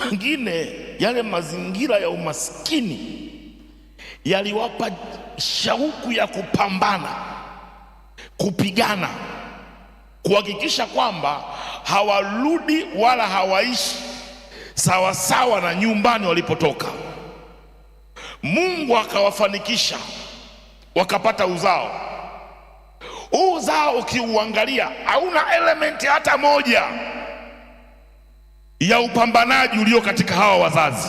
Wengine yale mazingira ya umaskini yaliwapa shauku ya kupambana, kupigana, kuhakikisha kwamba hawarudi wala hawaishi sawasawa sawa na nyumbani walipotoka. Mungu akawafanikisha wakapata uzao. Huu uzao ukiuangalia hauna elementi hata moja ya upambanaji ulio katika hawa wazazi,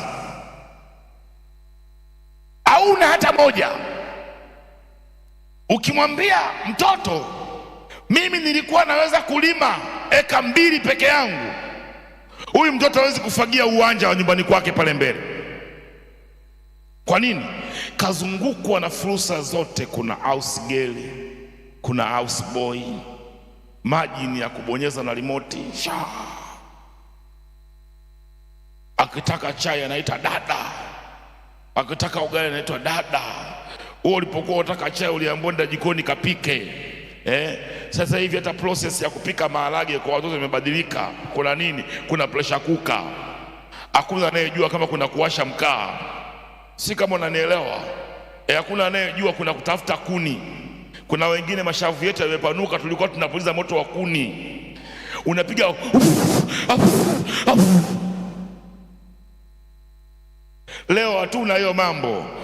hauna hata moja. Ukimwambia mtoto mimi nilikuwa naweza kulima eka mbili peke yangu, huyu mtoto hawezi kufagia uwanja wa nyumbani kwake pale mbele. Kwa nini? Kazungukwa na fursa zote, kuna house girl, kuna house boy, maji ni ya kubonyeza na remote shaa akitaka chai anaita dada, akitaka ugali anaitwa dada. Wewe ulipokuwa unataka chai uliambiwa nenda jikoni kapike. Eh, sasa hivi hata process ya kupika maharage kwa watoto imebadilika. Kuna nini? Kuna pressure kuka. Hakuna anayejua kama kuna kuwasha mkaa, si kama unanielewa? Eh, hakuna e, anayejua kuna kutafuta kuni. Kuna wengine mashavu yetu yamepanuka, tulikuwa tunapuliza moto wa kuni, unapiga Leo hatuna hiyo mambo.